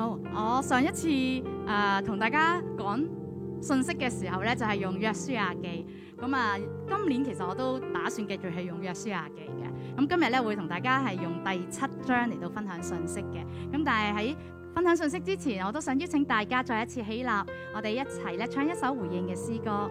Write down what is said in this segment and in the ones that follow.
好，我上一次誒同、呃、大家講信息嘅時候呢，就係、是、用約書亞記。咁啊，今年其實我都打算繼續係用約書亞記嘅。咁今日呢，會同大家係用第七章嚟到分享信息嘅。咁但係喺分享信息之前，我都想邀請大家再一次起立我們一起，我哋一齊咧唱一首回應嘅詩歌。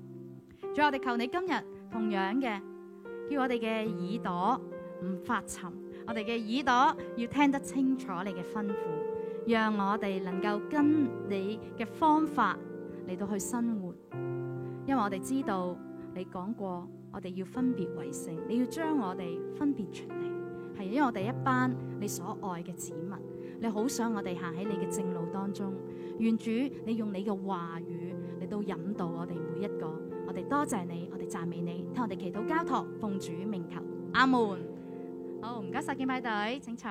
仲我哋求你今日同樣嘅，叫我哋嘅耳朵唔發沉，我哋嘅耳朵要聽得清楚你嘅吩咐，讓我哋能夠跟你嘅方法嚟到去生活。因為我哋知道你講過，我哋要分別為聖，你要將我哋分別出嚟，係因為我哋一班你所愛嘅子民，你好想我哋行喺你嘅正路當中。願主你用你嘅話語嚟到引導我哋每一個。我哋多謝你，我哋讚美你，替我哋祈禱交託，奉主名求，阿門。好，唔該晒，敬拜隊，請坐。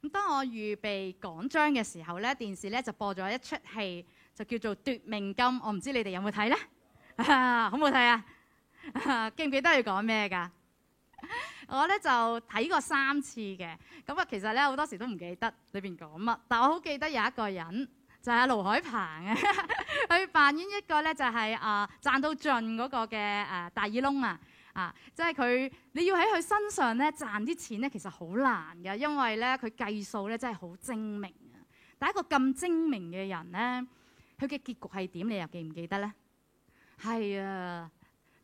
咁當我預備講章嘅時候咧，電視咧就播咗一出戲，就叫做《奪命金》，我唔知你哋有冇睇咧？嗯、 好唔好睇啊？ 記唔記得要講咩噶？ 我咧就睇過三次嘅，咁啊，其實咧好多時都唔記得裡邊講乜，但我好記得有一個人。就係、是、阿盧海鵬啊，佢 扮演一個咧、就是，就係啊賺到盡嗰個嘅誒、啊、大耳窿啊啊，即係佢你要喺佢身上咧賺啲錢咧，其實好難嘅，因為咧佢計數咧真係好精明啊。但一個咁精明嘅人咧，佢嘅結局係點？你又記唔記得咧？係啊，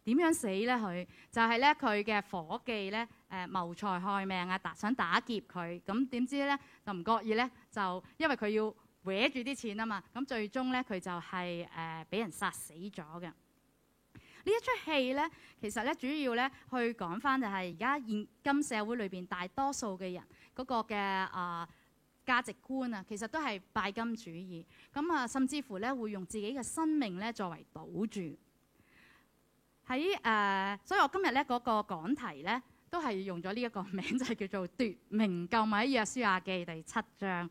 點樣死咧？佢就係咧佢嘅伙計咧誒謀財害命啊，想打劫佢咁，點知咧就唔覺意咧就因為佢要。搵住啲錢啊嘛，咁最終咧佢就係誒俾人殺死咗嘅。這一呢一出戲咧，其實咧主要咧去講翻就係而家現今社會裏邊大多數嘅人嗰、那個嘅啊、呃、價值觀啊，其實都係拜金主義。咁啊，甚至乎咧會用自己嘅生命咧作為賭注。喺誒、呃，所以我今日咧嗰、那個講題咧都係用咗呢一個名，就係、是、叫做奪命金救埋喺約書亞記第七章。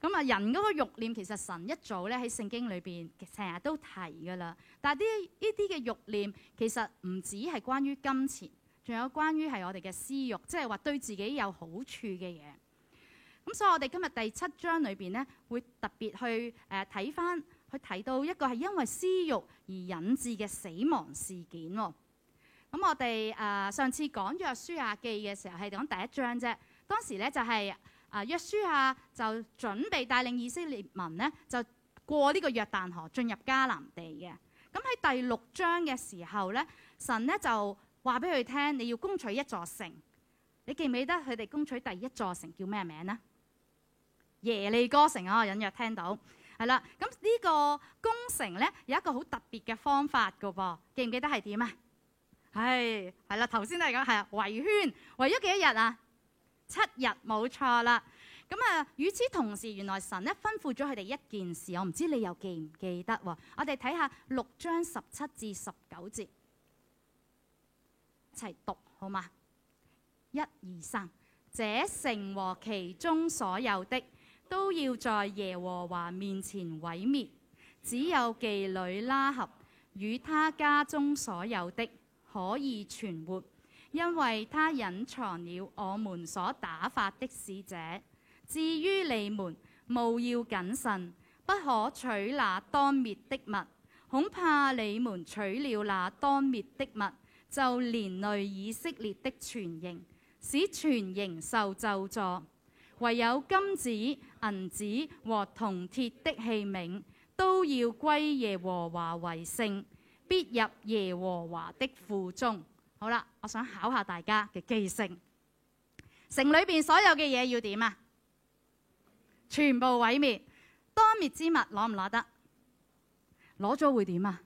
咁啊，人嗰個慾念其實神一早咧喺聖經裏邊成日都提㗎喇。但係啲呢啲嘅慾念其實唔止係關於金錢，仲有關於係我哋嘅私慾，即係話對自己有好處嘅嘢。咁所以我哋今日第七章裏邊呢，會特別去誒睇返，去睇到一個係因為私慾而引致嘅死亡事件，哦。咁我哋誒、呃、上次講約書亞記嘅時候係講第一章啫，當時咧就係、是。啊約書亞就準備帶領以色列民呢，就過呢個約旦河進入迦南地嘅。咁喺第六章嘅時候咧，神咧就話俾佢聽，你要攻取一座城。你記唔記得佢哋攻取第一座城叫咩名咧？耶利哥城啊，我隱約聽到係啦。咁呢個攻城咧有一個好特別嘅方法噶噃，記唔記得係點啊？唉、哎，係啦，頭先都係咁，係啊，圍圈圍咗幾多日啊？七日冇錯啦，咁啊，與此同時，原來神咧吩咐咗佢哋一件事，我唔知你又記唔記得喎、哦？我哋睇下六章十七至十九節，一齊讀好嘛？一、二、三，這城和其中所有的都要在耶和華面前毀滅，只有妓女拉合與他家中所有的可以存活。因為他隱藏了我們所打發的使者。至於你們，務要謹慎，不可取那當滅的物。恐怕你們取了那當滅的物，就連累以色列的全營，使全營受咒詛。唯有金子、銀子和銅鐵的器皿，都要歸耶和華為聖，必入耶和華的庫中。好啦，我想考下大家嘅記性。城裏邊所有嘅嘢要點啊？全部毀滅，多滅之物攞唔攞得？攞咗會點啊？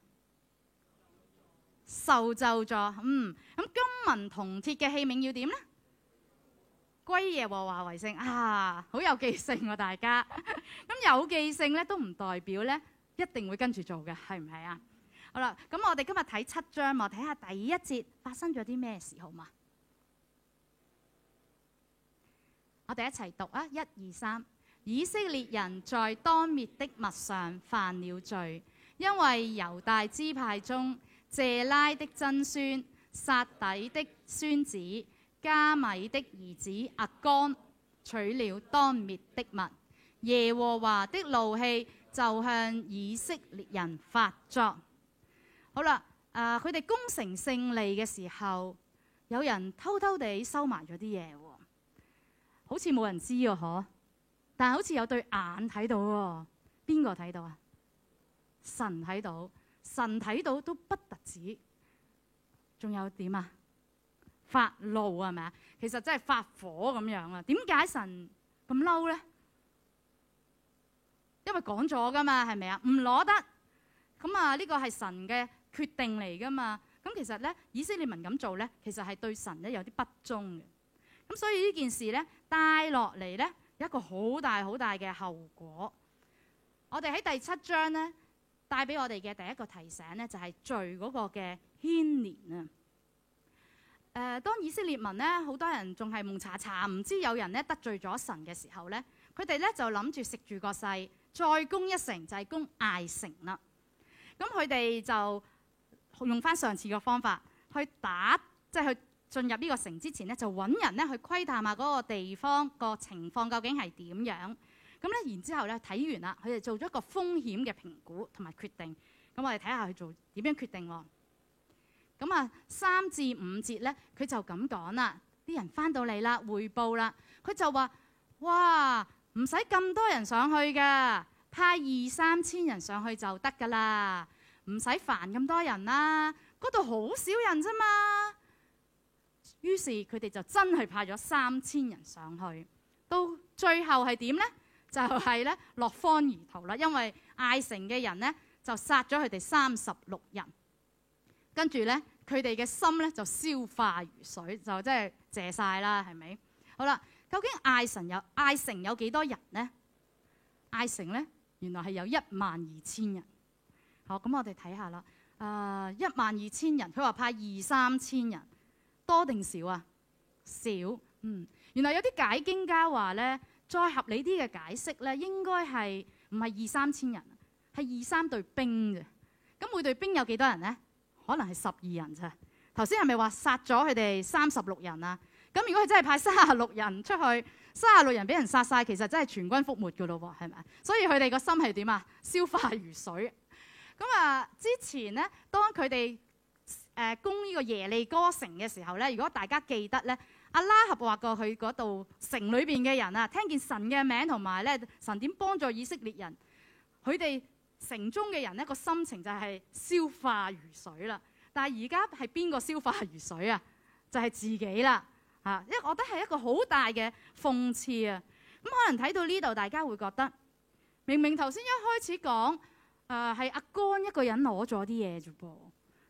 受咒咗，嗯。咁金銀銅鐵嘅器皿要點呢？歸耶和華為聖，啊，好有記性喎、啊，大家。咁 有記性咧，都唔代表咧一定會跟住做嘅，係唔係啊？好啦，咁我哋今日睇七章，我睇下第一節發生咗啲咩事好嘛？我哋一齊讀啊，一二三。以色列人在當滅的物上犯了罪，因為猶大支派中謝拉的曾孫撒底的孫子迦米的兒子亞干取了當滅的物，耶和華的怒氣就向以色列人發作。好啦，啊，佢哋功成勝利嘅時候，有人偷偷地收埋咗啲嘢喎，好似冇人知啊，嗬？但係好似有對眼睇到喎，邊個睇到啊？神睇到，神睇到都不得止，仲有點啊？發怒啊係咪啊？其實真係發火咁樣啊？點解神咁嬲咧？因為講咗噶嘛，係咪啊？唔攞得，咁啊呢個係神嘅。決定嚟㗎嘛？咁其實咧，以色列民咁做咧，其實係對神咧有啲不忠嘅。咁所以呢件事咧，帶落嚟咧，有一個好大好大嘅後果。我哋喺第七章咧，帶俾我哋嘅第一個提醒咧，就係、是、罪嗰個嘅牽連啊、呃。當以色列民呢，好多人仲係蒙查查，唔知有人咧得罪咗神嘅時候咧，佢哋咧就諗住食住個勢再攻一城，就係攻艾城啦。咁佢哋就。用翻上次嘅方法去打，即係去進入呢個城之前呢，就揾人呢去窺探下嗰個地方個情況究竟係點樣。咁呢，然之後呢，睇完啦，佢哋做咗一個風險嘅評估同埋決定。咁我哋睇下佢做點樣決定喎。咁啊，三至五節呢，佢就咁講啦。啲人翻到嚟啦，彙報啦，佢就話：哇，唔使咁多人上去㗎，派二三千人上去就得㗎啦。唔使煩咁多人啦，啊，嗰度好少人啫嘛。於是佢哋就真係派咗三千人上去。到最後係點呢？就係、是、咧落荒而逃啦。因為艾城嘅人呢，就殺咗佢哋三十六人。跟住呢，佢哋嘅心呢，就消化如水，就即係謝晒啦，係咪？好啦，究竟艾城有艾城有幾多人呢？艾城呢，原來係有一萬二千人。好咁，我哋睇下啦。誒、呃，一萬二千人，佢話派二三千人多定少啊？少。嗯，原來有啲解經家話咧，再合理啲嘅解釋咧，應該係唔係二三千人，係二三隊兵嘅。咁每隊兵有幾多人咧？可能係十二人咋。頭先係咪話殺咗佢哋三十六人啊？咁如果佢真係派三十六人出去，三十六人俾人殺晒，其實真係全軍覆沒噶咯喎，係咪？所以佢哋個心係點啊？消化如水。咁啊！之前咧，當佢哋誒攻呢個耶利哥城嘅時候咧，如果大家記得咧，阿拉合話過去嗰度城裏邊嘅人啊，聽見神嘅名同埋咧，神點幫助以色列人，佢哋城中嘅人呢個心情就係消化如水啦。但係而家係邊個消化如水啊？就係自己啦嚇，啊，因為我覺得係一個好大嘅諷刺啊！咁可能睇到呢度，大家會覺得明明頭先一開始講。啊，係阿干一個人攞咗啲嘢啫噃，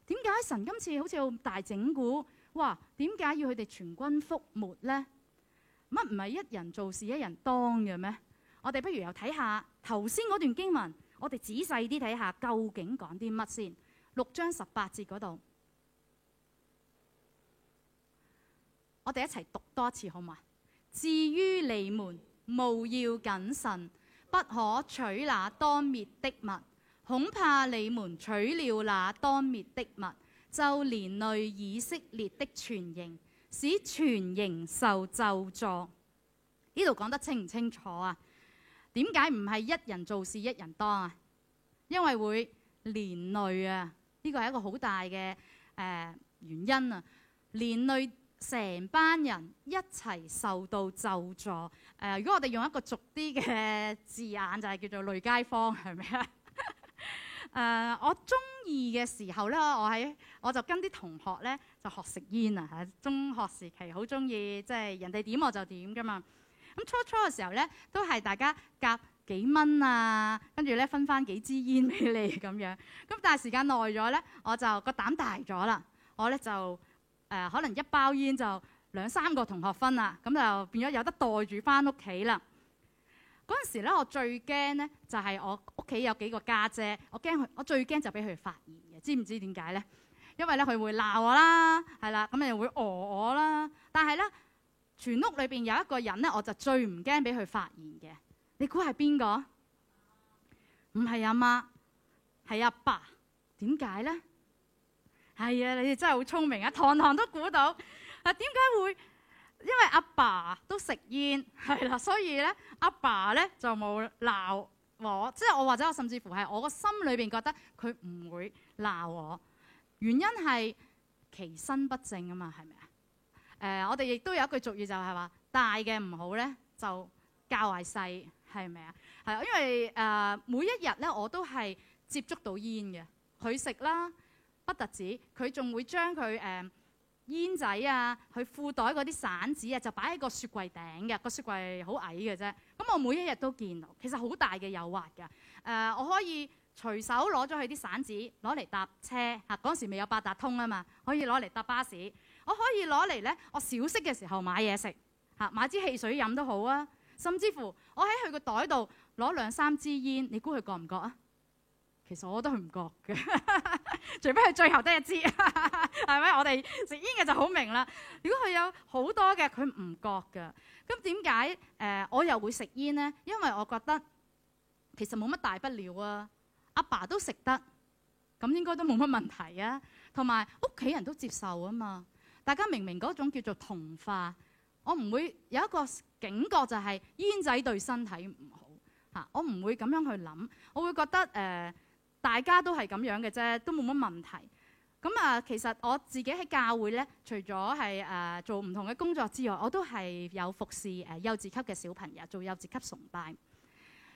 點解神今次好似咁大整蠱？哇！點解要佢哋全軍覆沒呢？乜唔係一人做事一人當嘅咩？我哋不如又睇下頭先嗰段經文，我哋仔細啲睇下究竟講啲乜先。六章十八節嗰度，我哋一齊讀多次好嘛？至於你們，務要謹慎，不可取那當滅的物。恐怕你們取了那當滅的物，就連累以色列的全營，使全營受咒詛。呢度講得清唔清楚啊？點解唔係一人做事一人當啊？因為會連累啊！呢個係一個好大嘅誒、呃、原因啊！連累成班人一齊受到咒詛。誒、呃，如果我哋用一個俗啲嘅字眼，就係、是、叫做累街坊，係咪啊？誒，我中二嘅時候咧，我喺我就跟啲同學咧就學食煙啊嚇，中學時期好中意，即係人哋點我就點噶嘛。咁初初嘅時候咧，都係大家夾幾蚊啊，跟住咧分翻幾支煙俾你咁樣。咁但係時間耐咗咧，我就個膽大咗啦，我咧就誒可能一包煙就兩三個同學分啦，咁就變咗有得袋住翻屋企啦。嗰陣時咧，我最驚咧就係我屋企有幾個家姐，我驚佢，我最驚就俾佢發現嘅，知唔知點解咧？因為咧佢會鬧我啦，係啦，咁你又會餓我啦。但係咧，全屋裏邊有一個人咧，我就最唔驚俾佢發現嘅。你估係邊個？唔係阿媽，係阿爸，爸。點解咧？係、哎、啊，你哋真係好聰明啊，堂堂都估到。啊，點解會？因為阿爸都食煙，係啦，所以咧阿爸咧就冇鬧我，即係我或者我甚至乎係我個心裏邊覺得佢唔會鬧我。原因係其身不正啊嘛，係咪啊？誒、呃，我哋亦都有一句俗語就係話大嘅唔好咧，就教壞細，係咪啊？係啊，因為誒、呃、每一日咧我都係接觸到煙嘅，佢食啦，不特止，佢仲會將佢誒、呃煙仔啊，佢褲袋嗰啲散紙啊，就擺喺個雪櫃頂嘅，個雪櫃好矮嘅啫。咁我每一日都見到，其實好大嘅誘惑㗎。誒，呃，我可以隨手攞咗佢啲散紙，攞嚟搭車吓。嗰時，啊未有八達通啊嘛，可以攞嚟搭巴士。我可以攞嚟咧，我小息嘅時候買嘢食吓，買支汽水飲都好啊。甚至乎我喺佢個袋度攞兩三支煙，你估佢覺唔覺啊？其實我都係唔覺嘅， 除非係最後得一支，係 咪？我哋食煙嘅就好明啦。如果佢有好多嘅，佢唔覺嘅。咁點解誒我又會食煙呢？因為我覺得其實冇乜大不了啊。阿爸，爸都食得，咁應該都冇乜問題啊。同埋屋企人都接受啊嘛。大家明明嗰種叫做同化，我唔會有一個警覺、就係，就係煙仔對身體唔好嚇、啊。我唔會咁樣去諗，我會覺得誒。呃大家都係咁樣嘅啫，都冇乜問題。咁啊，其實我自己喺教會咧，除咗係誒做唔同嘅工作之外，我都係有服侍誒幼稚級嘅小朋友，做幼稚級崇拜。誒、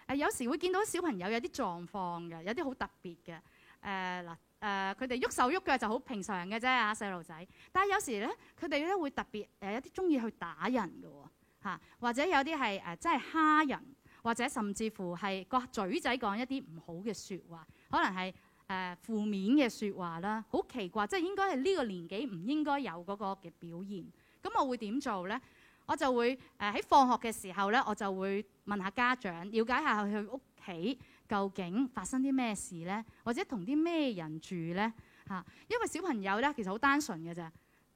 呃、有時會見到小朋友有啲狀況嘅，有啲好特別嘅。誒嗱誒，佢哋喐手喐腳就好平常嘅啫啊，細路仔。但係有時咧，佢哋咧會特別誒、呃，有啲中意去打人㗎喎、啊、或者有啲係誒真係蝦人，或者甚至乎係個嘴仔講一啲唔好嘅説話。可能係誒、呃、負面嘅説話啦，好奇怪！即、就、係、是、應該係呢個年紀唔應該有嗰個嘅表現。咁我會點做咧？我就會誒喺、呃、放學嘅時候咧，我就會問下家長，了解下佢屋企究竟發生啲咩事咧，或者同啲咩人住咧嚇、啊。因為小朋友咧其實好單純嘅啫。誒、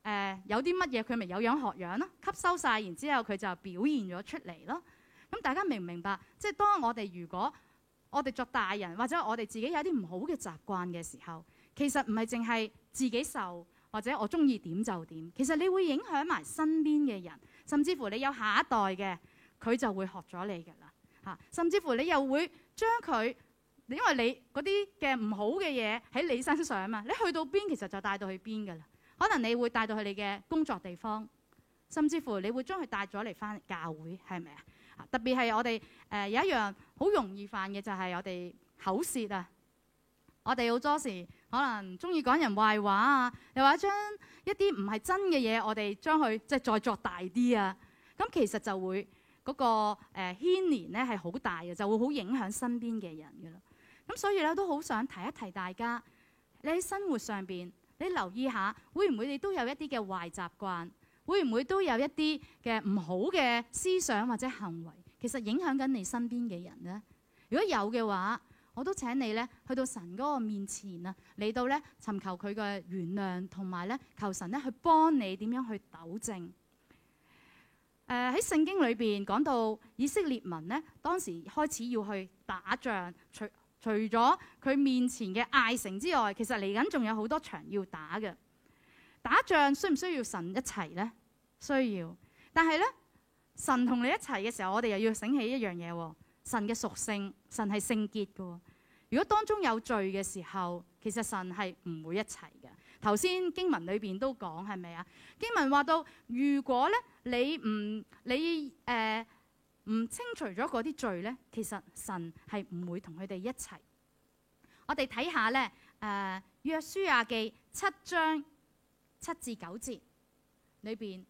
呃、有啲乜嘢佢咪有樣學樣咯，吸收晒，然之後佢就表現咗出嚟咯。咁大家明唔明白？即、就、係、是、當我哋如果我哋作大人，或者我哋自己有啲唔好嘅習慣嘅時候，其實唔係淨係自己受，或者我鍾意點就點。其實你會影響埋身邊嘅人，甚至乎你有下一代嘅，佢就會學咗你㗎喇吓。甚至乎你又會將佢，因為你嗰啲嘅唔好嘅嘢喺你身上啊嘛。你去到邊，其實就帶到去邊㗎喇。可能你會帶到去你嘅工作地方，甚至乎你會將佢帶咗嚟返教會，係咪啊？特別係我哋誒、呃、有一樣。好容易犯嘅就係、是、我哋口舌啊！我哋好多時可能中意講人壞話啊，又或者將一啲唔係真嘅嘢，我哋將佢即係再作大啲啊！咁其實就會嗰、那個誒牽、呃、連咧係好大嘅，就會好影響身邊嘅人噶啦。咁所以咧都好想提一提大家，你喺生活上邊，你留意下會唔會你都有一啲嘅壞習慣，會唔會都有一啲嘅唔好嘅思想或者行為？其實影響緊你身邊嘅人呢，如果有嘅話，我都請你咧去到神嗰個面前啊，嚟到咧尋求佢嘅原諒，同埋咧求神咧去幫你點樣去糾正。誒、呃、喺聖經裏邊講到以色列民呢，當時開始要去打仗，除除咗佢面前嘅艾城之外，其實嚟緊仲有好多場要打嘅。打仗需唔需要神一齊呢？需要，但係咧。神同你一齊嘅時候，我哋又要醒起一樣嘢。神嘅屬性，神係聖潔嘅。如果當中有罪嘅時候，其實神係唔會一齊嘅。頭先經文裏邊都講，係咪啊？經文話到，如果咧你唔你誒唔、呃、清除咗嗰啲罪咧，其實神係唔會同佢哋一齊。我哋睇下咧，誒、呃、約書亞記七章七至九節裏邊。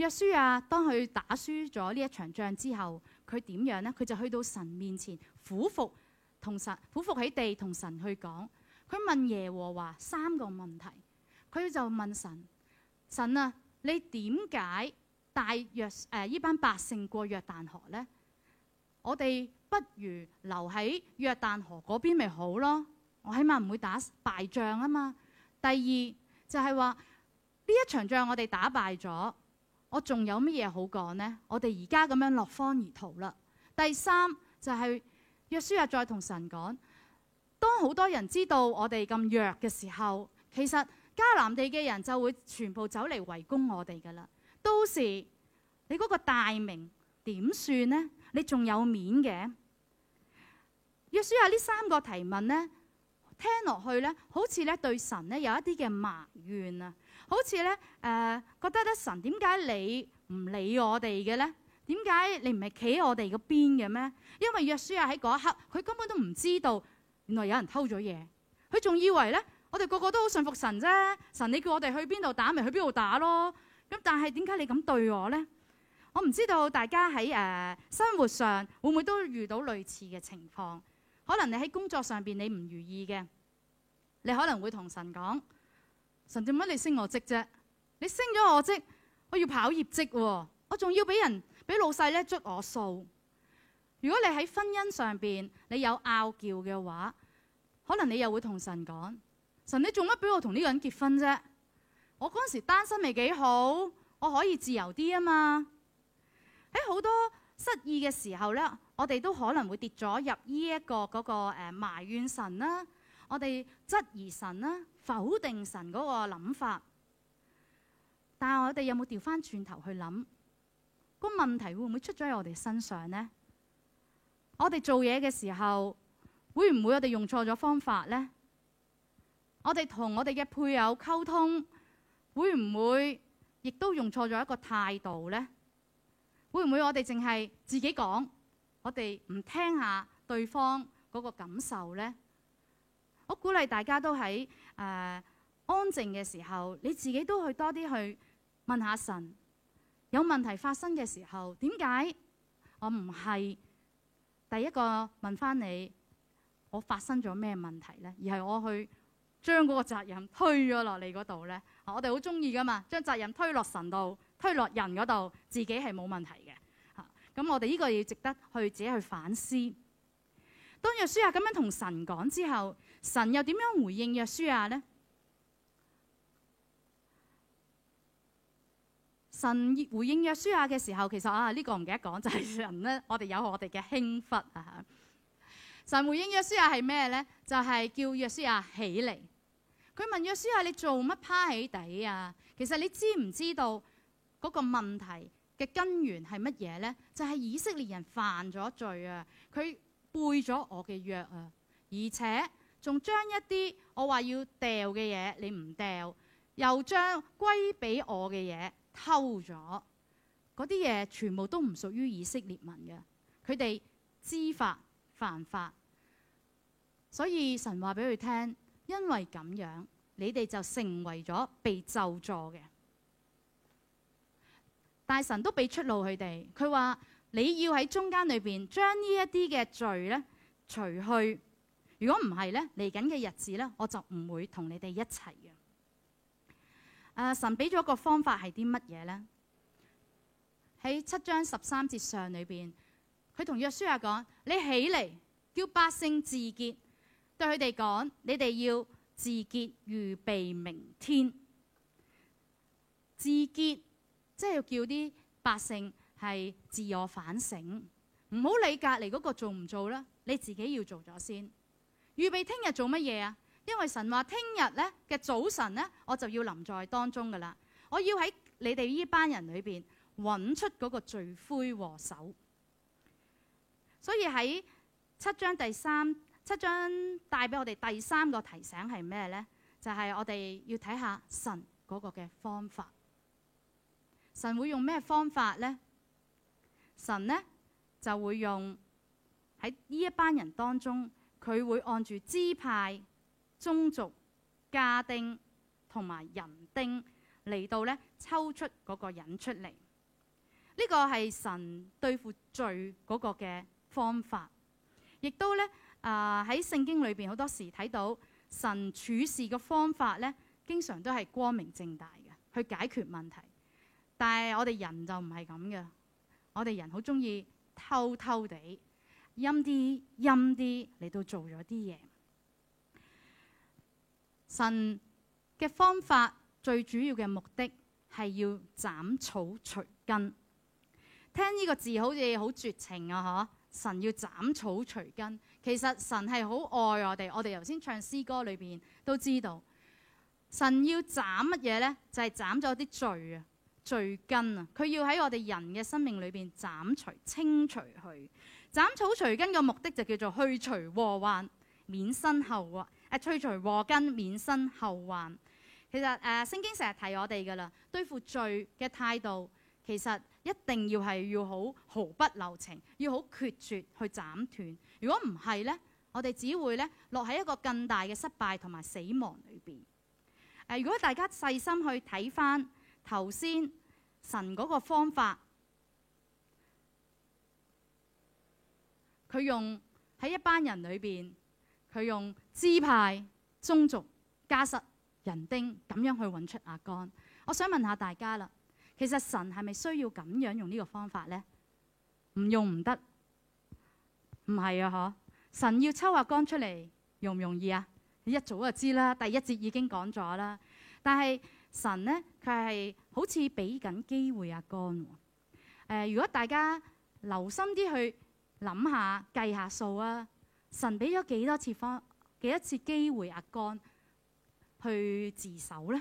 約書亞，當佢打輸咗呢一場仗之後，佢點樣呢？佢就去到神面前俯伏，同神俯伏喺地，同神去講。佢問耶和華三個問題，佢就問神：神啊，你點解帶約呃、啊、呢班百姓過約旦河呢？我哋不如留喺約旦河嗰邊咪好咯？我起碼唔會打敗仗啊嘛。第二就係話呢一場仗我哋打敗咗。我仲有乜嘢好講呢？我哋而家咁樣落荒而逃啦。第三就係、是、約書亞再同神講：當好多人知道我哋咁弱嘅時候，其實迦南地嘅人就會全部走嚟圍攻我哋噶啦。到時你嗰個大名點算呢？你仲有面嘅？約書亞呢三個提問呢，聽落去呢，好似呢對神呢有一啲嘅埋怨啊！好似咧，誒、呃，覺得咧，神點解你唔理我哋嘅咧？點解你唔係企喺我哋嘅邊嘅咩？因為約書亞喺嗰一刻，佢根本都唔知道，原來有人偷咗嘢，佢仲以為咧，我哋個個都好信服神啫。神你叫我哋去邊度打咪去邊度打咯。咁但係點解你咁對我咧？我唔知道大家喺誒、呃、生活上會唔會都遇到類似嘅情況？可能你喺工作上邊你唔如意嘅，你可能會同神講。神點解你升我職啫？你升咗我職，我要跑業績喎，哦，我仲要俾人俾老細咧捉我數。如果你喺婚姻上邊你有拗撬嘅話，可能你又會同神講：神你做乜俾我同呢個人結婚啫？我嗰時單身未幾好，我可以自由啲啊嘛。喺好多失意嘅時候咧，我哋都可能會跌咗入呢一個嗰個誒埋怨神啦，我哋質疑神啦。否定神嗰個諗法，但係我哋有冇調翻轉頭去諗？個問題會唔會出咗喺我哋身上呢？我哋做嘢嘅時候，會唔會我哋用錯咗方法呢？我哋同我哋嘅配偶溝通，會唔會亦都用錯咗一個態度呢？會唔會我哋淨係自己講，我哋唔聽下對方嗰個感受呢？我鼓勵大家都喺誒、呃、安靜嘅時候，你自己都去多啲去問一下神。有問題發生嘅時候，點解我唔係第一個問翻你？我發生咗咩問題咧？而係我去將嗰個責任推咗落你嗰度咧？我哋好中意噶嘛，將責任推落神度，推落人嗰度，自己係冇問題嘅吓。咁、啊、我哋呢個要值得去自己去反思。當約書亞咁樣同神講之後。神又點樣回應約書亞呢？神回應約書亞嘅時候，其實啊呢、這個唔記得講，就係、是、人咧，我哋有我哋嘅輕忽啊。神回應約書亞係咩呢？就係、是、叫約書亞起嚟。佢問約書亞：你做乜趴起底啊？其實你知唔知道嗰個問題嘅根源係乜嘢呢？就係、是、以色列人犯咗罪啊！佢背咗我嘅約啊，而且。仲將一啲我話要掉嘅嘢，你唔掉，又將歸俾我嘅嘢偷咗，嗰啲嘢全部都唔屬於以色列民嘅，佢哋知法犯法，所以神話俾佢聽，因為咁樣，你哋就成為咗被咒詛嘅。但神都俾出路佢哋，佢話你要喺中間裏邊將呢一啲嘅罪咧除去。如果唔係咧，嚟緊嘅日子咧，我就唔會同你哋一齊嘅。誒、啊，神俾咗個方法係啲乜嘢咧？喺七章十三節上裏邊，佢同約書亞講：你起嚟叫百姓自潔，對佢哋講，你哋要自潔，預備明天自潔，即係要叫啲百姓係自我反省，唔好理隔籬嗰個做唔做啦，你自己要做咗先。預備聽日做乜嘢啊？因為神話聽日咧嘅早晨咧，我就要臨在當中噶啦，我要喺你哋呢班人裏邊揾出嗰個罪魁禍首。所以喺七章第三七章帶俾我哋第三個提醒係咩咧？就係我哋要睇下神嗰個嘅方法。神會用咩方法咧？神咧就會用喺呢一班人當中。佢會按住支派、宗族、家丁同埋人丁嚟到咧抽出嗰個人出嚟。呢個係神對付罪嗰個嘅方法，亦都咧啊喺聖經裏邊好多時睇到神處事嘅方法咧，經常都係光明正大嘅去解決問題。但係我哋人就唔係咁嘅，我哋人好鍾意偷偷地。陰啲陰啲你都做咗啲嘢，神嘅方法最主要嘅目的係要斬草除根。聽呢個字好似好絕情啊！嗬，神要斬草除根，其實神係好愛我哋。我哋由先唱詩歌裏邊都知道，神要斬乜嘢呢？就係斬咗啲罪啊、罪根啊。佢要喺我哋人嘅生命裏邊斬除、清除佢。斬草除根嘅目的就叫做去除禍患，免身後患；誒、啊，去除禍根，免身後患。其實誒、啊，聖經成日提我哋噶啦，對付罪嘅態度，其實一定要係要好毫不留情，要好決絕去斬斷。如果唔係呢，我哋只會呢落喺一個更大嘅失敗同埋死亡裏邊。誒、啊，如果大家細心去睇翻頭先神嗰個方法。佢用喺一班人裏邊，佢用支派、宗族、家室、人丁咁樣去揾出亞干。我想問下大家啦，其實神係咪需要咁樣用呢個方法呢？唔用唔得，唔係啊嗬！神要抽亞干出嚟，容唔容易啊？你一早就知啦，第一節已經講咗啦。但係神呢，佢係好似俾緊機會亞干。誒、呃，如果大家留心啲去，諗下，計下數啊！神俾咗幾多次方，幾多次機會亞干去自首呢？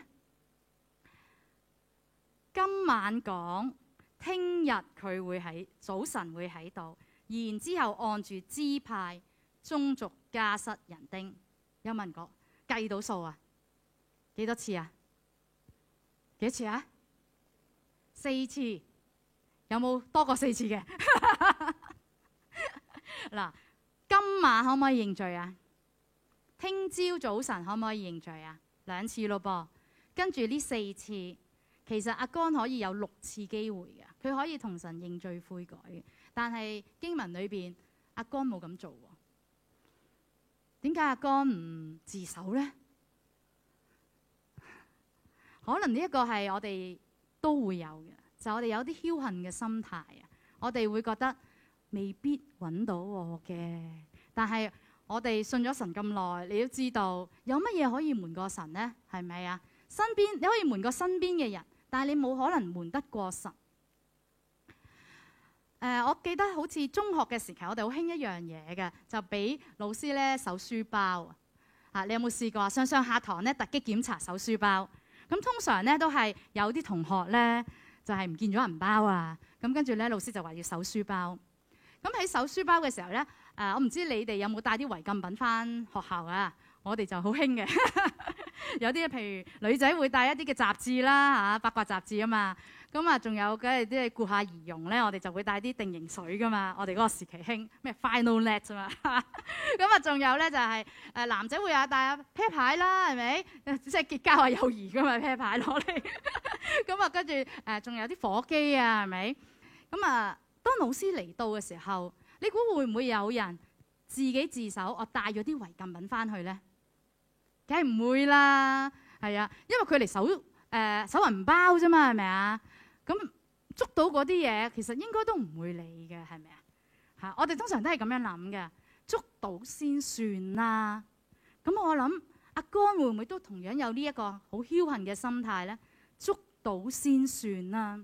今晚講，聽日佢會喺早晨會喺度，然之後按住支派宗族、家室、人丁。有問過計到數啊？幾多次啊？幾多次啊？四次，有冇多過四次嘅？ 嗱，今晚可唔可以認罪啊？聽朝早，早晨可唔可以認罪啊？兩次咯噃，跟住呢四次，其實亞干可以有六次機會嘅，佢可以同神認罪悔改。但係經文裏邊，亞干冇咁做。點解亞干唔自首呢？可能呢一個係我哋都會有嘅，就是、我哋有啲僥倖嘅心態啊，我哋會覺得。未必揾到我嘅，但係我哋信咗神咁耐，你都知道有乜嘢可以瞞過神呢？係咪啊？身邊你可以瞞過身邊嘅人，但係你冇可能瞞得過神。呃，我記得，好似中學嘅時期，我哋好興一樣嘢嘅，就俾老師咧搜書包啊！你有冇試過上上下堂咧突擊檢查搜書包咁，通常咧都係有啲同學咧就係、是、唔見咗銀包啊，咁跟住咧老師就話要搜書包。咁喺手書包嘅時候咧，誒、啊、我唔知你哋有冇帶啲違禁品翻學校啊？我哋就好興嘅， 有啲譬如女仔會帶一啲嘅雜誌啦嚇、啊，八卦雜誌啊嘛。咁啊，仲有梗係啲顧下儀容咧，我哋就會帶啲定型水噶嘛。我哋嗰個時期興咩 Final Net 啊嘛。咁、 就是、啊，仲有咧就係誒男仔會有帶啤、啊、牌啦，係咪？即、就、係、是、結交啊友誼噶嘛啤牌攞嚟。咁 啊，跟住誒仲有啲火機啊，係咪？咁啊。當老師嚟到嘅時候，你估會唔會有人自己自首，我帶咗啲違禁品翻去呢？梗係唔會啦。係啊，因為佢嚟搜誒搜銀、呃、包啫嘛，係咪啊？咁捉到嗰啲嘢，其實應該都唔會理嘅，係咪啊？吓，我哋通常都係咁樣諗嘅，捉到先算啦。咁我諗阿哥會唔會都同樣有呢一個好僥倖嘅心態呢？捉到先算啦。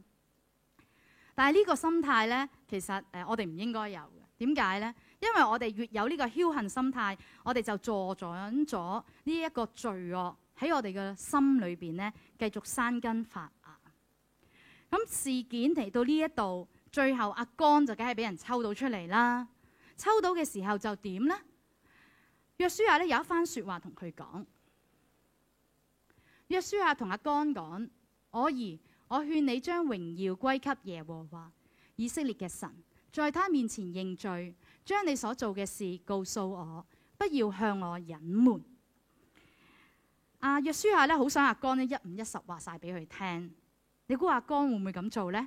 但係呢個心態呢，其實誒，我哋唔應該有嘅。點解呢？因為我哋越有呢個僥倖心態，我哋就助長咗呢一個罪惡喺我哋嘅心裏邊呢，繼續生根發芽。咁事件嚟到呢一度，最後阿江就梗係俾人抽到出嚟啦。抽到嘅時候就點呢？約書亞呢，有一番說話同佢講。約書亞同阿江講：我兒……」我勸你將榮耀歸給耶和華以色列嘅神，在他面前認罪，將你所做嘅事告訴我，不要向我隱瞞。阿、啊、約書亞呢，好想阿干呢一五一十話晒俾佢聽。你估阿干會唔會咁做呢？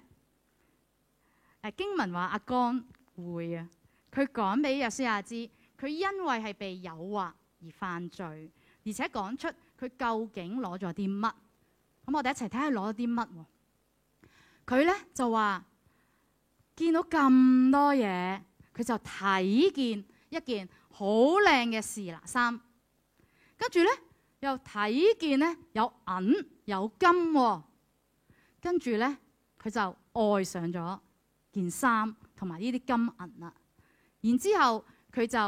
啊，誒，經文話阿干會啊，佢講俾約書亞知，佢因為係被誘惑而犯罪，而且講出佢究竟攞咗啲乜。咁我哋一齊睇下攞咗啲乜。佢咧就話見到咁多嘢，佢就睇見一件好靚嘅示拿衫，跟住咧又睇見咧有銀有金，哦，跟住咧佢就愛上咗件衫同埋呢啲金銀啦。然之後佢就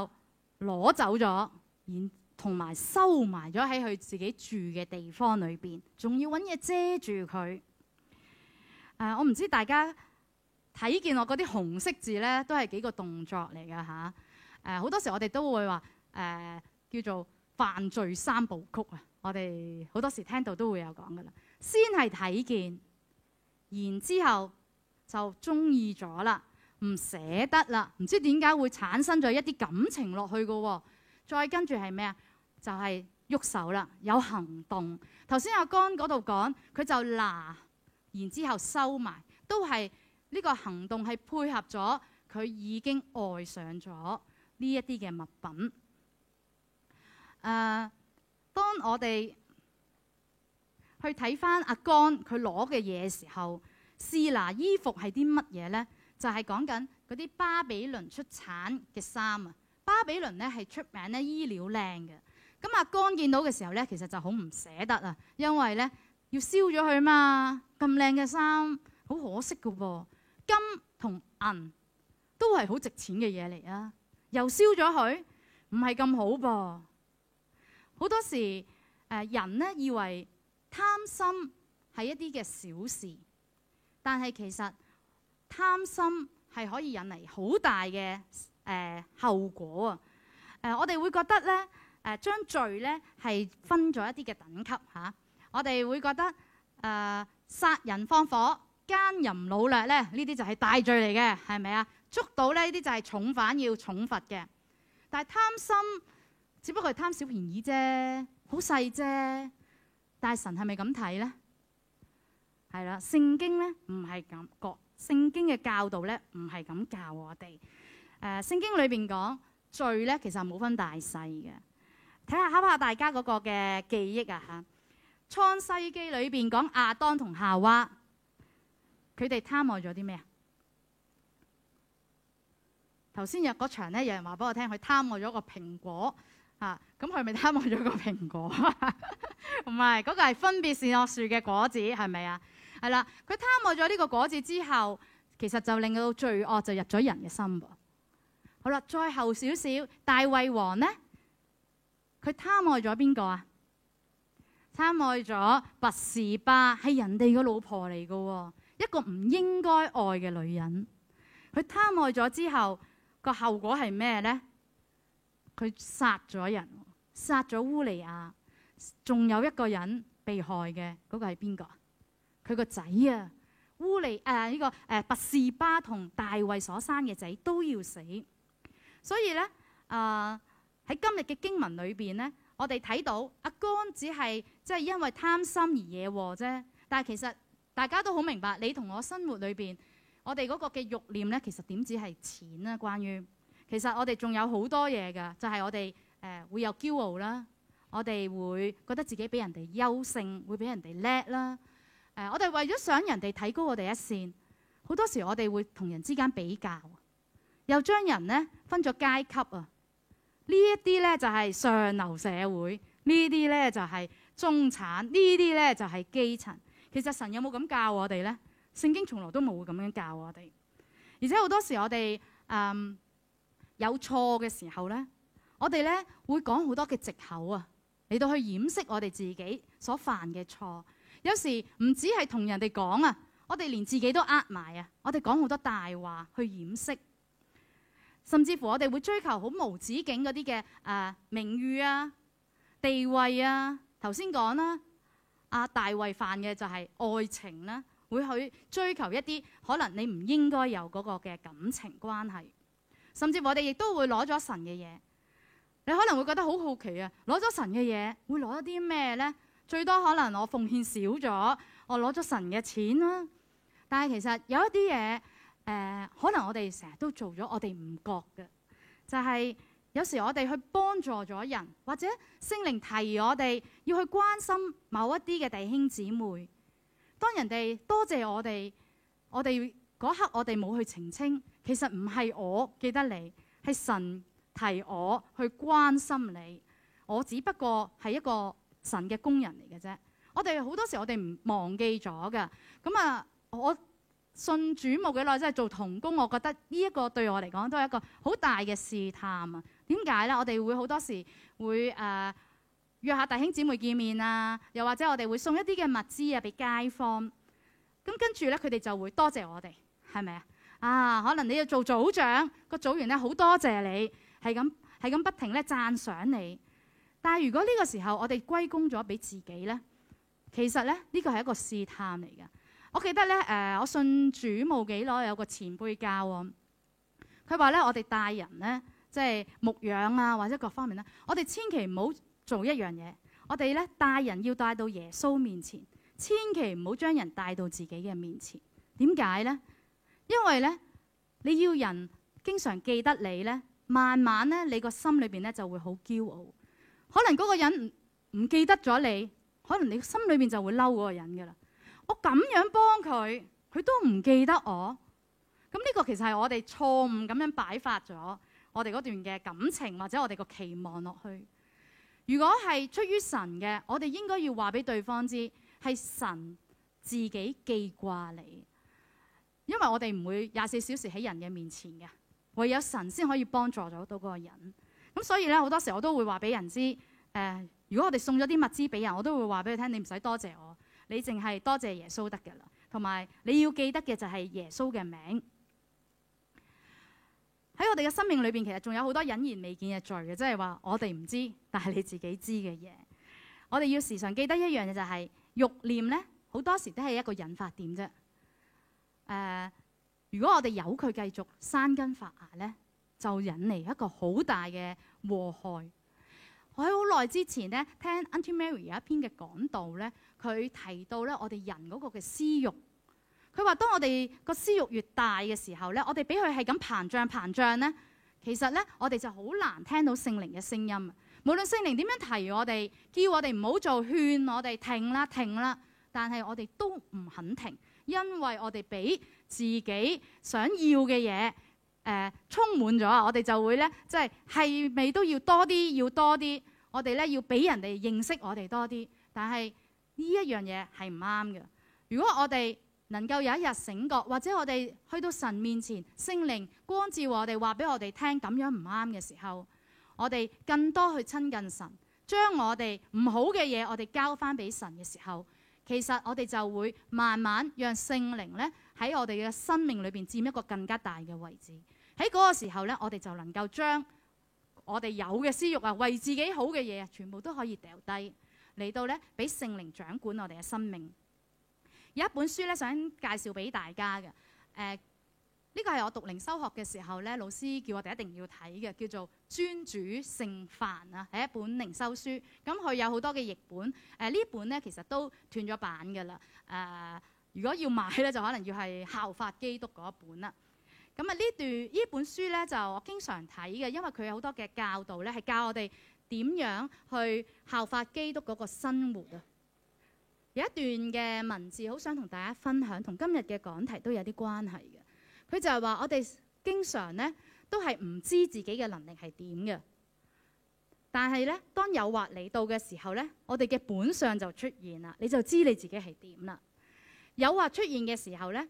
攞走咗，然同埋收埋咗喺佢自己住嘅地方裏邊，仲要揾嘢遮住佢。誒、呃，我唔知大家睇見我嗰啲紅色字咧，都係幾個動作嚟嘅嚇。誒、啊，好、呃、多時我哋都會話誒、呃、叫做犯罪三部曲啊。我哋好多時聽到都會有講嘅啦。先係睇見，然之後就中意咗啦，唔捨得啦，唔知點解會產生咗一啲感情落去嘅喎、哦。再跟住係咩啊？就係、是、喐手啦，有行動。頭先阿江嗰度講，佢就嗱。然之後收埋，都係呢個行動係配合咗佢已經愛上咗呢一啲嘅物品。誒、啊，當我哋去睇翻阿江，佢攞嘅嘢時候，示拿衣服係啲乜嘢呢？就係講緊嗰啲巴比倫出產嘅衫啊！巴比倫咧係出名咧衣料靚嘅。咁阿江見到嘅時候呢，其實就好唔捨得啊，因為呢。要燒咗佢嘛？咁靚嘅衫，好可惜噶喎。金同銀都係好值錢嘅嘢嚟啊，又燒咗佢，唔係咁好噃。好多時、呃、人呢以為貪心係一啲嘅小事，但係其實貪心係可以引嚟好大嘅誒、呃、後果啊、呃！我哋會覺得咧、呃、將罪咧係分咗一啲嘅等級嚇。我哋會覺得誒殺、呃、人放火、奸淫擄掠咧，呢啲就係大罪嚟嘅，係咪啊？捉到呢啲就係重犯，要重罰嘅。但係貪心，只不過係貪小便宜啫，好細啫。但係神係咪咁睇咧？係啦，聖經咧唔係咁講，聖經嘅教導咧唔係咁教我哋。誒、呃，聖經裏邊講罪咧，其實冇分大細嘅。睇下考下大家嗰個嘅記憶啊嚇。創世記裏邊講亞當同夏娃，佢哋貪愛咗啲咩啊？頭先入嗰場咧，有人話俾我聽，佢貪愛咗個蘋果啊！咁佢咪貪愛咗個蘋果？唔、啊、係，嗰個係、 那個、分別善惡樹嘅果子，係咪啊？係啦，佢貪愛咗呢個果子之後，其實就令到罪惡就入咗人嘅心噃。好啦，再後少少，大衛王呢？佢貪愛咗邊個啊？貪愛咗拔士巴，係人哋個老婆嚟噶、哦，一個唔應該愛嘅女人。佢貪愛咗之後個後果係咩呢？佢殺咗人，殺咗烏利亞，仲有一個人被害嘅，嗰、個係邊、個？佢個仔啊，烏利亞誒呢個誒拔士巴同大衛所生嘅仔都要死。所以呢，誒、呃、喺今日嘅經文裏邊呢，我哋睇到亞干只係。即係因為貪心而惹禍啫。但係其實大家都好明白，你同我生活裏邊，我哋嗰個嘅慾念呢，其實點止係錢呢？關於其實我哋仲有好多嘢㗎，就係、是、我哋誒、呃、會有驕傲啦，我哋會覺得自己比人哋優勝，會比人哋叻啦。誒、呃，我哋為咗想人哋睇高我哋一線，好多時我哋會同人之間比較，又將人呢分咗階級啊。呢一啲呢就係、是、上流社會，呢啲呢就係、是。中產呢啲呢，這些就係基層。其實神有冇咁教我哋呢？聖經從來都冇咁樣教我哋。而且好多時我哋嗯有錯嘅時候呢，我哋呢會講好多嘅藉口啊，嚟到去掩飾我哋自己所犯嘅錯。有時唔止係同人哋講啊，我哋連自己都呃埋啊。我哋講好多大話去掩飾，甚至乎我哋會追求好無止境嗰啲嘅誒名譽啊、地位啊。頭先講啦，大衛犯嘅就係愛情啦，會去追求一啲可能你唔應該有嗰個嘅感情關係，甚至我哋亦都會攞咗神嘅嘢。你可能會覺得好好奇啊，攞咗神嘅嘢會攞一啲咩呢？最多可能我奉獻少咗，我攞咗神嘅錢啦。但係其實有一啲嘢，呃，可能我哋成日都做咗，我哋唔覺嘅，就係、是。有時我哋去幫助咗人，或者聖靈提我哋要去關心某一啲嘅弟兄姊妹。當人哋多謝我哋，我哋嗰刻我哋冇去澄清，其實唔係我記得你，係神提我去關心你。我只不過係一個神嘅工人嚟嘅啫。我哋好多時我哋唔忘記咗㗎。咁啊，我信主冇幾耐，真係做童工，我覺得呢一個對我嚟講都係一個好大嘅試探啊！點解咧？我哋會好多時會誒、呃、約下弟兄姊妹見面啊，又或者我哋會送一啲嘅物資啊俾街坊，咁跟住咧佢哋就會多謝我哋，係咪啊？啊，可能你要做組長，個組員咧好多謝你，係咁係咁不停咧讚賞你。但係如果呢個時候我哋歸功咗俾自己咧，其實咧呢個係一個試探嚟嘅。我記得咧誒、呃，我信主冇幾耐，有個前輩教、哦，佢話咧我哋帶人咧。即係牧養啊，或者各方面咧，我哋千祈唔好做一樣嘢。我哋咧帶人要帶到耶穌面前，千祈唔好將人帶到自己嘅面前。點解咧？因為咧，你要人經常記得你咧，慢慢咧，你個心裏面咧就會好驕傲。可能嗰個人唔記得咗你，可能你心裏面就會嬲嗰個人噶啦。我咁樣幫佢，佢都唔記得我，咁呢個其實係我哋錯誤咁樣擺發咗。我哋嗰段嘅感情或者我哋個期望落去，如果係出於神嘅，我哋應該要話俾對方知係神自己記掛你，因為我哋唔會廿四小時喺人嘅面前嘅，唯有神先可以幫助到到嗰個人。咁所以咧好多時我都會話俾人知，誒、呃，如果我哋送咗啲物資俾人，我都會話俾佢聽，你唔使多謝我，你淨係多謝耶穌得嘅啦，同埋你要記得嘅就係耶穌嘅名。喺我哋嘅生命裏邊，其實仲有好多隱然未見嘅罪嘅，即係話我哋唔知，但係你自己知嘅嘢。我哋要時常記得一樣嘢、就是，就係欲念咧，好多時都係一個引發點啫。誒、呃，如果我哋由佢繼續生根發芽咧，就引嚟一個好大嘅禍害。我喺好耐之前咧，聽 Auntie Mary 有一篇嘅講道咧，佢提到咧，我哋人嗰個嘅私欲。佢話：當我哋個私欲越大嘅時候咧，我哋俾佢係咁膨脹膨脹咧，其實咧我哋就好難聽到聖靈嘅聲音。無論聖靈點樣提我哋，叫我哋唔好做，勸我哋停啦停啦，但係我哋都唔肯停，因為我哋俾自己想要嘅嘢誒充滿咗，我哋就會咧即係係咪都要多啲，要多啲，我哋咧要俾人哋認識我哋多啲。但係呢一樣嘢係唔啱嘅。如果我哋能夠有一日醒覺，或者我哋去到神面前，聖靈光照我哋，話俾我哋聽，咁樣唔啱嘅時候，我哋更多去親近神，將我哋唔好嘅嘢，我哋交翻俾神嘅時候，其實我哋就會慢慢讓聖靈呢喺我哋嘅生命裏面佔一個更加大嘅位置。喺嗰個時候呢，我哋就能夠將我哋有嘅私欲啊，為自己好嘅嘢啊，全部都可以掉低嚟到呢，俾聖靈掌管我哋嘅生命。有一本書咧，想介紹俾大家嘅，誒、呃，呢、這個係我讀靈修學嘅時候咧，老師叫我哋一定要睇嘅，叫做《遵主聖範》啊，係一本靈修書。咁、嗯、佢有好多嘅譯本，誒、呃、呢本咧其實都斷咗版㗎啦。誒、呃，如果要買咧，就可能要係效法基督嗰一本啦。咁、嗯、啊，呢段呢本書咧，就我經常睇嘅，因為佢有好多嘅教導咧，係教我哋點樣去效法基督嗰個生活啊。有一段嘅文字好想同大家分享，同今日嘅講題都有啲關係嘅。佢就係話：我哋經常呢都係唔知自己嘅能力係點嘅，但係呢，當誘惑嚟到嘅時候呢，我哋嘅本相就出現啦，你就知你自己係點啦。誘惑出現嘅時候呢，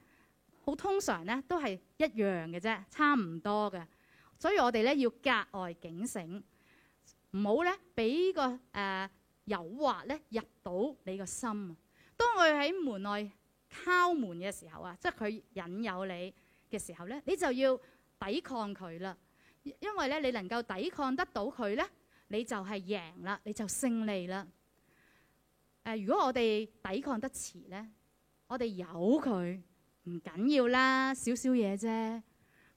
好通常呢都係一樣嘅啫，差唔多嘅，所以我哋呢要格外警醒，唔好呢俾個誒、呃誘惑咧，入到你個心，當佢喺門外敲門嘅時候啊，即係佢引誘你嘅時候咧，你就要抵抗佢啦。因為咧，你能夠抵抗得到佢咧，你就係贏啦，你就勝利啦。誒，如果我哋抵抗得遲咧，我哋由佢唔緊要啦，少少嘢啫。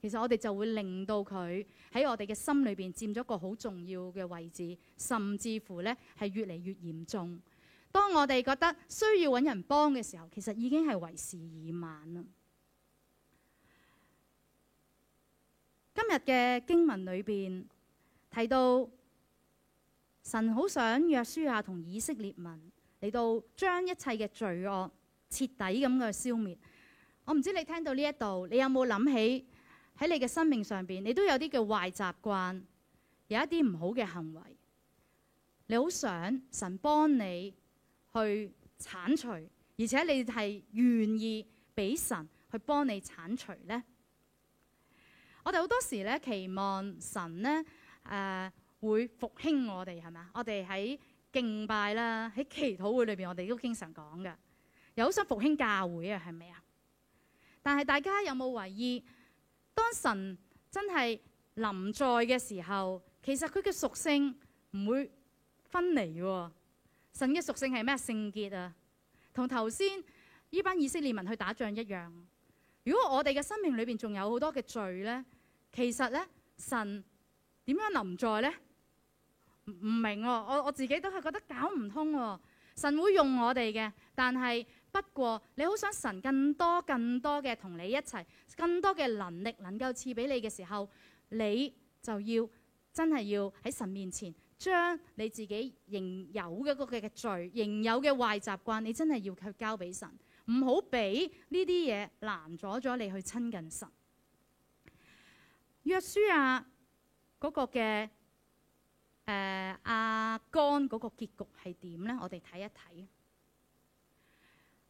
其實我哋就會令到佢喺我哋嘅心裏邊佔咗個好重要嘅位置，甚至乎呢係越嚟越嚴重。當我哋覺得需要揾人幫嘅時候，其實已經係為時已晚啦。今日嘅經文裏邊提到，神好想約書亞同以色列民嚟到將一切嘅罪惡徹底咁去消滅。我唔知你聽到呢一度，你有冇諗起？喺你嘅生命上邊，你都有啲叫壞習慣，有一啲唔好嘅行為，你好想神幫你去鏟除，而且你係願意俾神去幫你鏟除呢？我哋好多時咧，期望神咧誒、啊、會復興我哋係咪啊？我哋喺敬拜啦，喺祈禱會裏邊，我哋都經常講嘅，又好想復興教會啊，係咪啊？但係大家有冇懷疑？當神真係臨在嘅時候，其實佢嘅屬性唔會分離嘅，哦。神嘅屬性係咩聖潔啊？同頭先呢班以色列民去打仗一樣。如果我哋嘅生命裏邊仲有好多嘅罪呢，其實呢，神點樣臨在呢？唔明，哦，我我自己都係覺得搞唔通，哦。神會用我哋嘅，但係不過你好想神更多更多嘅同你一齊。更多嘅能力能夠賜俾你嘅時候，你就要真係要喺神面前將你自己仍有嘅嗰嘅罪、仍有嘅壞習慣，你真係要去交俾神，唔好俾呢啲嘢攔阻咗你去親近神。約書亞嗰個嘅誒、呃、亞干嗰個結局係點咧？我哋睇一睇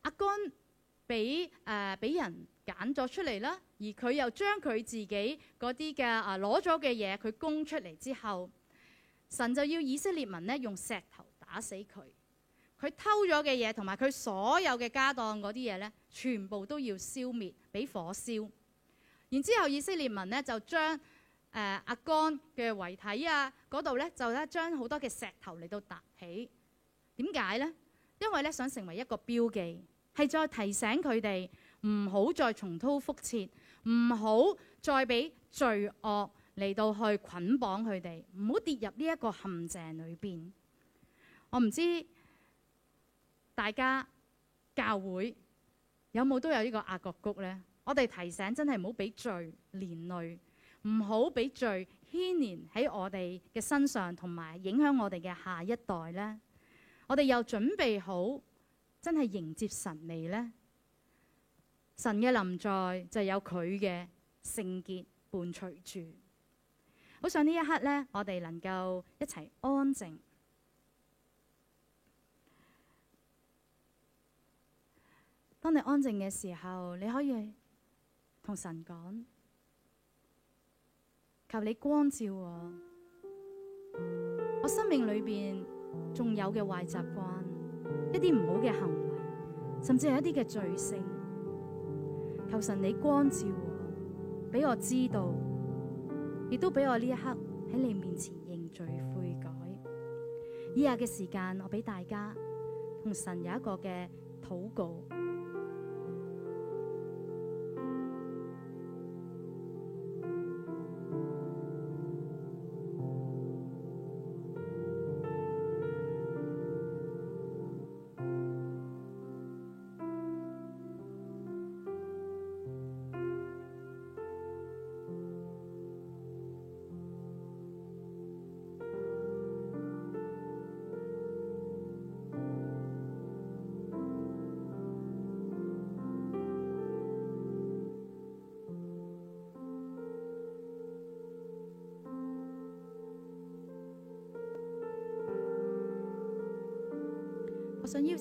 亞干，俾誒俾人揀咗出嚟啦，而佢又將佢自己嗰啲嘅啊攞咗嘅嘢，佢供出嚟之後，神就要以色列民呢用石頭打死佢。佢偷咗嘅嘢同埋佢所有嘅家當嗰啲嘢呢，全部都要消滅，俾火燒。然之後以色列民呢，就將誒亞干嘅遺體啊嗰度呢，就咧將好多嘅石頭嚟到搭起。點解呢？因為咧想成為一個標記。係再提醒佢哋唔好再重蹈覆轍，唔好再俾罪惡嚟到去捆綁佢哋，唔好跌入呢一個陷阱裏邊。我唔知道大家教會有冇都有呢個亞割谷呢？我哋提醒真係唔好俾罪連累，唔好俾罪牽連喺我哋嘅身上，同埋影響我哋嘅下一代呢。我哋又準備好。真係迎接神嚟呢？神嘅臨在就有佢嘅聖潔伴隨住。好想呢一刻呢，我哋能夠一齊安靜。當你安靜嘅時候，你可以同神講，求你光照我。我生命裏邊仲有嘅壞習慣。一啲唔好嘅行為，甚至係一啲嘅罪性，求神你光照我，俾我知道，亦都俾我呢一刻喺你面前認罪悔改。以下嘅時間，我俾大家同神有一個嘅禱告。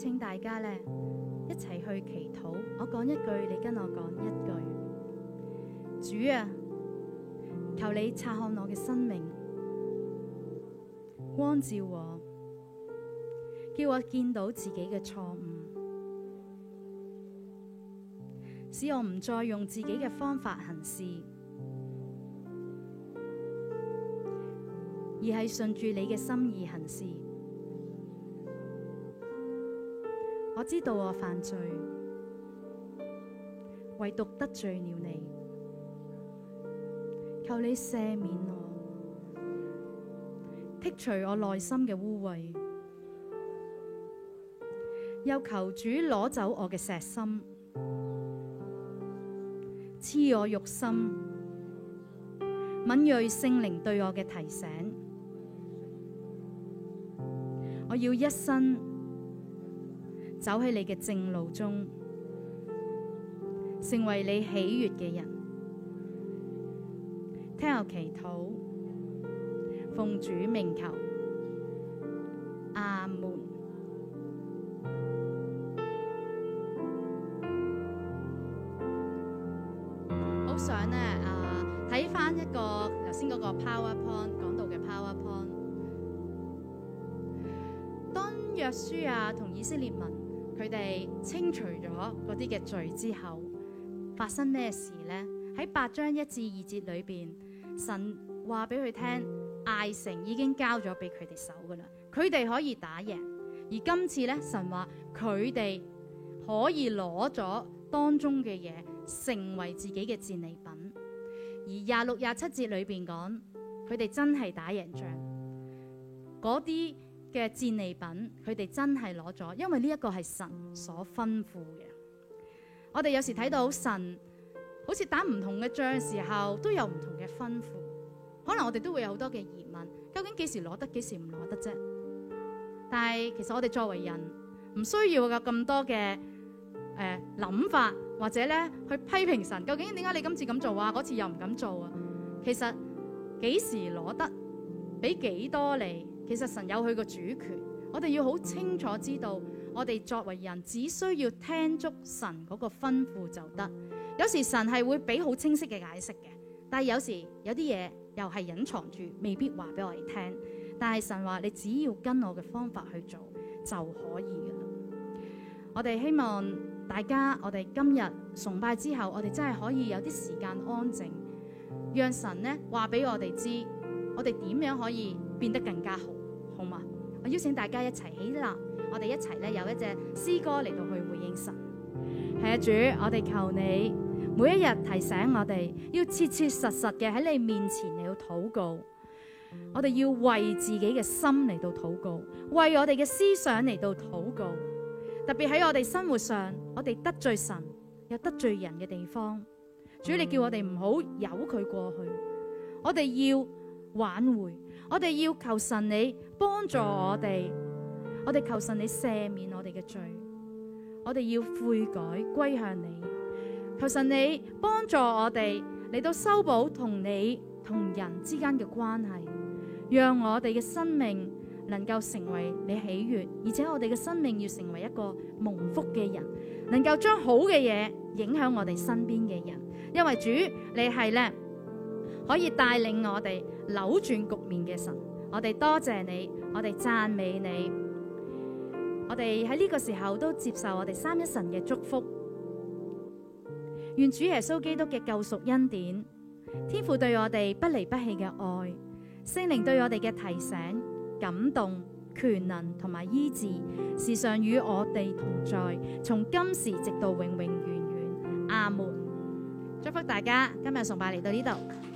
請大家呢，一齊去祈禱。我講一句，你跟我講一句。主啊，求你察看我嘅生命，光照我，叫我見到自己嘅錯誤，使我唔再用自己嘅方法行事，而係順住你嘅心意行事。我知道我犯罪，唯獨得罪了你。求你赦免我，剔除我內心嘅污穢，又求主攞走我嘅石心，賜我肉心，敏銳聖靈對我嘅提醒，我要一生，走喺你嘅正路中，成為你喜悅嘅人，聽候祈禱，奉主名求，阿門。好想呢，啊，睇翻一個頭先嗰個 PowerPoint 講到嘅 PowerPoint。當約書亞、啊、同以色列民。佢哋清除咗嗰啲嘅罪之後，發生咩事咧？喺八章一至二節裏邊，神話俾佢聽，艾城已經交咗俾佢哋手噶啦，佢哋可以打贏。而今次咧，神話佢哋可以攞咗當中嘅嘢，成為自己嘅戰利品。而廿六廿七節裏邊講，佢哋真係打贏仗，嗰啲。嘅戰利品，佢哋真係攞咗，因為呢一個係神所吩咐嘅。我哋有時睇到神好似打唔同嘅仗時候，都有唔同嘅吩咐，可能我哋都會有好多嘅疑問：究竟幾時攞得，幾時唔攞得啫？但係其實我哋作為人，唔需要有咁多嘅誒諗法，或者咧去批評神。究竟點解你今次咁做啊？嗰次又唔咁做啊？其實幾時攞得，俾幾多你。其實神有佢個主權，我哋要好清楚知道，我哋作為人只需要聽足神嗰個吩咐就得。有時神係會俾好清晰嘅解釋嘅，但係有時有啲嘢又係隱藏住，未必話俾我哋聽。但係神話你只要跟我嘅方法去做就可以噶啦。我哋希望大家，我哋今日崇拜之後，我哋真係可以有啲時間安靜，讓神呢話俾我哋知，我哋點樣可以變得更加好。我邀請大家一齊起，起立，我哋一齊咧有一隻詩歌嚟到去回應神。係啊，主，我哋求你每一日提醒我哋，要切切實實嘅喺你面前嚟到禱告。我哋要為自己嘅心嚟到禱告，為我哋嘅思想嚟到禱告。特別喺我哋生活上，我哋得罪神又得罪人嘅地方，主你叫我哋唔好由佢過去，我哋要。挽回，我哋要求神你幫助我哋，我哋求神你赦免我哋嘅罪，我哋要悔改歸向你，求神你幫助我哋嚟到修補同你同人之間嘅關係，讓我哋嘅生命能夠成為你喜悅，而且我哋嘅生命要成為一個蒙福嘅人，能夠將好嘅嘢影響我哋身邊嘅人，因為主，你係咧。可以帶領我哋扭轉局面嘅神，我哋多謝你，我哋讚美你，我哋喺呢個時候都接受我哋三一神嘅祝福。願主耶穌基督嘅救贖恩典、天父對我哋不離不棄嘅愛、聖靈對我哋嘅提醒、感動、權能同埋醫治，時常與我哋同在，從今時直到永永遠遠。阿門！祝福大家，今日崇拜嚟到呢度。